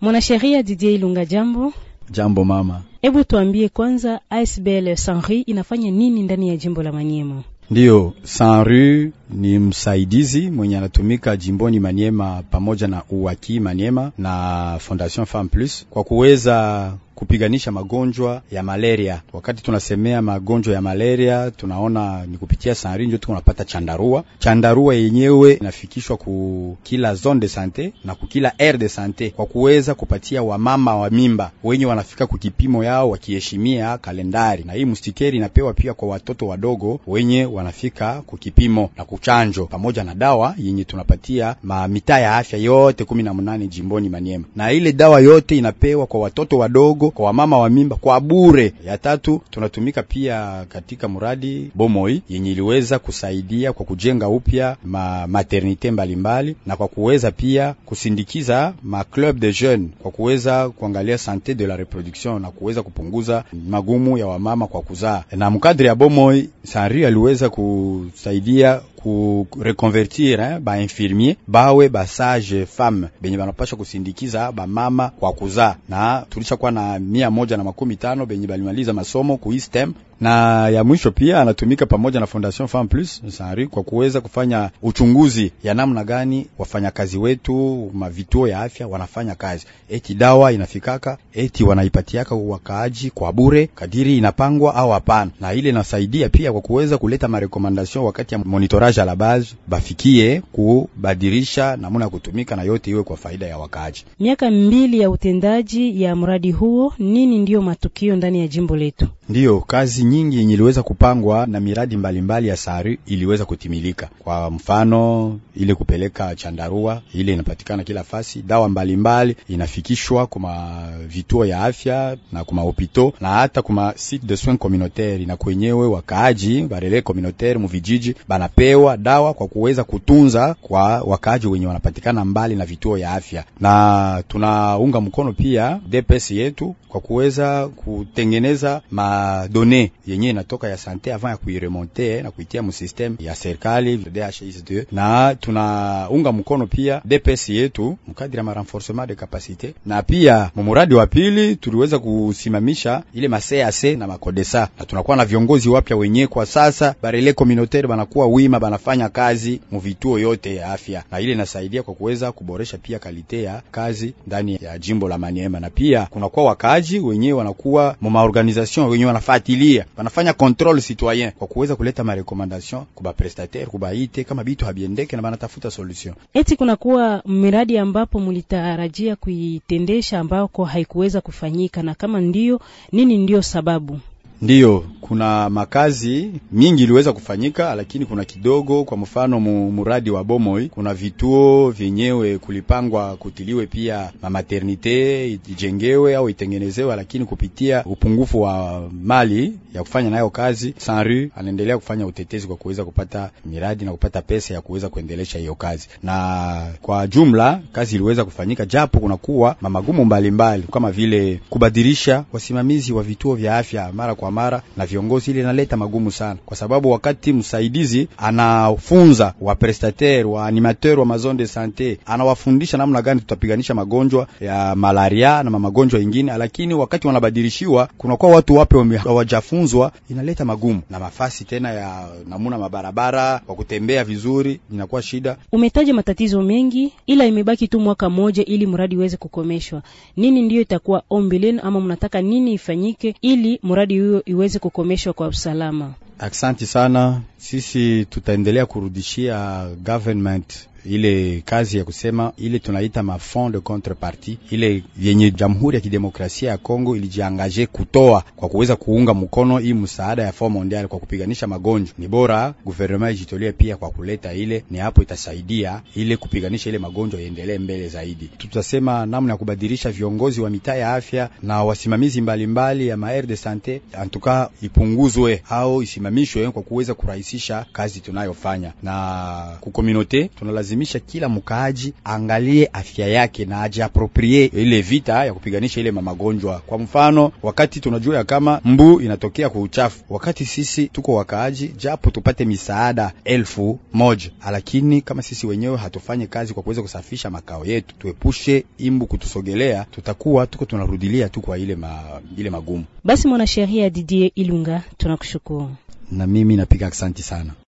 Mwanasheria Didier Ilunga, jambo. Jambo mama. Hebu tuambie kwanza, ASBL Sanri inafanya nini ndani ya jimbo la Manyema? Ndiyo, Sanru ni msaidizi mwenye anatumika jimboni Maniema pamoja na Uwaki Maniema na Fondation Femme Plus kwa kuweza kupiganisha magonjwa ya malaria. Wakati tunasemea magonjwa ya malaria, tunaona ni kupitia sanri ndio tunapata chandarua. Chandarua yenyewe inafikishwa ku kila zone de sante na ku kila air de sante kwa kuweza kupatia wamama wa mimba wenye wanafika kukipimo yao wakiheshimia kalendari, na hii mustikeri inapewa pia kwa watoto wadogo wenye wanafika kukipimo na kuchanjo, pamoja na dawa yenye tunapatia mitaa ya afya yote kumi na mnane jimboni Maniema, na ile dawa yote inapewa kwa watoto wadogo kwa wamama wa mimba kwa bure. Ya tatu tunatumika pia katika mradi Bomoi yenye iliweza kusaidia kwa kujenga upya ma maternite mbalimbali na kwa kuweza pia kusindikiza ma club de jeunes kwa kuweza kuangalia sante de la reproduction na kuweza kupunguza magumu ya wamama kwa kuzaa. Na mkadri ya Bomoi Sanri aliweza kusaidia kureconvertir eh, bainfirmier bawe basage femme benye banapasha kusindikiza bamama kwa kuzaa, na tulishakuwa na mia moja na makumi tano benye balimaliza masomo ku STEM na ya mwisho pia anatumika pamoja na Fondation Femme Plus Sahari kwa kuweza kufanya uchunguzi ya namna gani wafanyakazi wetu mavituo ya afya wanafanya kazi, eti dawa inafikaka, eti wanaipatiaka wakaaji kwa bure kadiri inapangwa au hapana, na ile inasaidia pia kwa kuweza kuleta marekomandation wakati ya monitorage message la base bafikie kubadirisha namuna ya kutumika na yote iwe kwa faida ya wakaaji. Miaka mbili ya utendaji ya mradi huo, nini ndiyo matukio ndani ya jimbo letu? Ndiyo kazi nyingi yenye iliweza kupangwa na miradi mbalimbali mbali ya sari iliweza kutimilika. Kwa mfano ile kupeleka chandarua ile inapatikana kila fasi, dawa mbalimbali mbali inafikishwa kuma vituo ya afya na kuma hopito na hata kuma site de soins communautaire, na kwenyewe wakaaji barele communautaire muvijiji banapewa kupewa dawa kwa kuweza kutunza kwa wakaaji wenye wanapatikana mbali na vituo ya afya, na tunaunga mkono pia DPS yetu kwa kuweza kutengeneza madone yenye inatoka ya sante avant ya kuiremonte na kuitia musysteme ya serikali DHS2, na tunaunga mkono pia DPS yetu mkadiri ma renforcement de capacité, na pia mumuradi wa pili tuliweza kusimamisha ile masease na makodesa, na tunakuwa na viongozi wapya wenye kwa sasa barele communautaire banakuwa wima wanafanya kazi muvituo yote ya afya, na ile inasaidia kwa kuweza kuboresha pia kalite ya kazi ndani ya jimbo la Maniema, na pia kunakuwa wakaaji wenyewe wanakuwa mumaorganization wenyewe wanafuatilia, wanafanya control citoyen kwa kuweza kuleta marekomandation kuba prestataire kubaite kama bitu habiendeke na banatafuta solution. Eti kunakuwa miradi ambapo mulitarajia kuitendesha ambako haikuweza kufanyika, na kama ndio nini, ndio sababu Ndiyo, kuna makazi mingi iliweza kufanyika, lakini kuna kidogo. Kwa mfano muradi wa Bomoi, kuna vituo vyenyewe kulipangwa kutiliwe pia mamaternite ijengewe au itengenezewe, lakini kupitia upungufu wa mali ya kufanya nayo kazi, Sanru anaendelea kufanya utetezi kwa kuweza kupata miradi na kupata pesa ya kuweza kuendelesha hiyo kazi. Na kwa jumla kazi iliweza kufanyika, japo kunakuwa mamagumu mbalimbali mbali, kama vile kubadilisha wasimamizi wa vituo vya afya mara kwa kwa mara na viongozi, ile inaleta magumu sana, kwa sababu wakati msaidizi anafunza wa waprestater wa animateur wa maison de sante, anawafundisha namna gani tutapiganisha magonjwa ya malaria na magonjwa ingine, lakini wakati wanabadilishiwa kunakuwa watu wape wajafunzwa, inaleta magumu na mafasi tena ya namuna mabarabara wa kutembea vizuri, inakuwa shida. Umetaja matatizo mengi, ila imebaki tu mwaka moja ili mradi uweze kukomeshwa. Nini ndiyo itakuwa ombi lenu ama mnataka nini ifanyike ili mradi huyo hiyo iweze kukomeshwa kwa usalama. Aksanti sana sisi tutaendelea kurudishia government ile kazi ya kusema ile tunaita mafond de contrepartie ile yenye Jamhuri ya Kidemokrasia ya Kongo ilijiangaje kutoa kwa kuweza kuunga mkono hii msaada ya Fonds Mondial kwa kupiganisha magonjwa. Ni bora guvernema ijitolie pia kwa kuleta ile, ni hapo itasaidia ile kupiganisha ile magonjwa iendelee mbele zaidi. Tutasema namna ya kubadilisha viongozi wa mitaa ya afya na wasimamizi mbalimbali mbali ya maire de sante antuka ipunguzwe au isimamishwe kwa kuweza kurahisisha kurahisisha kazi tunayofanya na kukominote. Tunalazimisha kila mkaaji angalie afya yake na ajiaproprie ile vita ya kupiganisha ile magonjwa. Kwa mfano, wakati tunajua ya kama mbu inatokea kwa uchafu, wakati sisi tuko wakaaji, japo tupate misaada elfu moja lakini kama sisi wenyewe hatufanye kazi kwa kuweza kusafisha makao yetu, tuepushe imbu kutusogelea, tutakuwa tuko tunarudilia tu kwa ile, ma, ile magumu. Basi mwanasheria Didier Ilunga, tunakushukuru na mimi napiga asanti sana.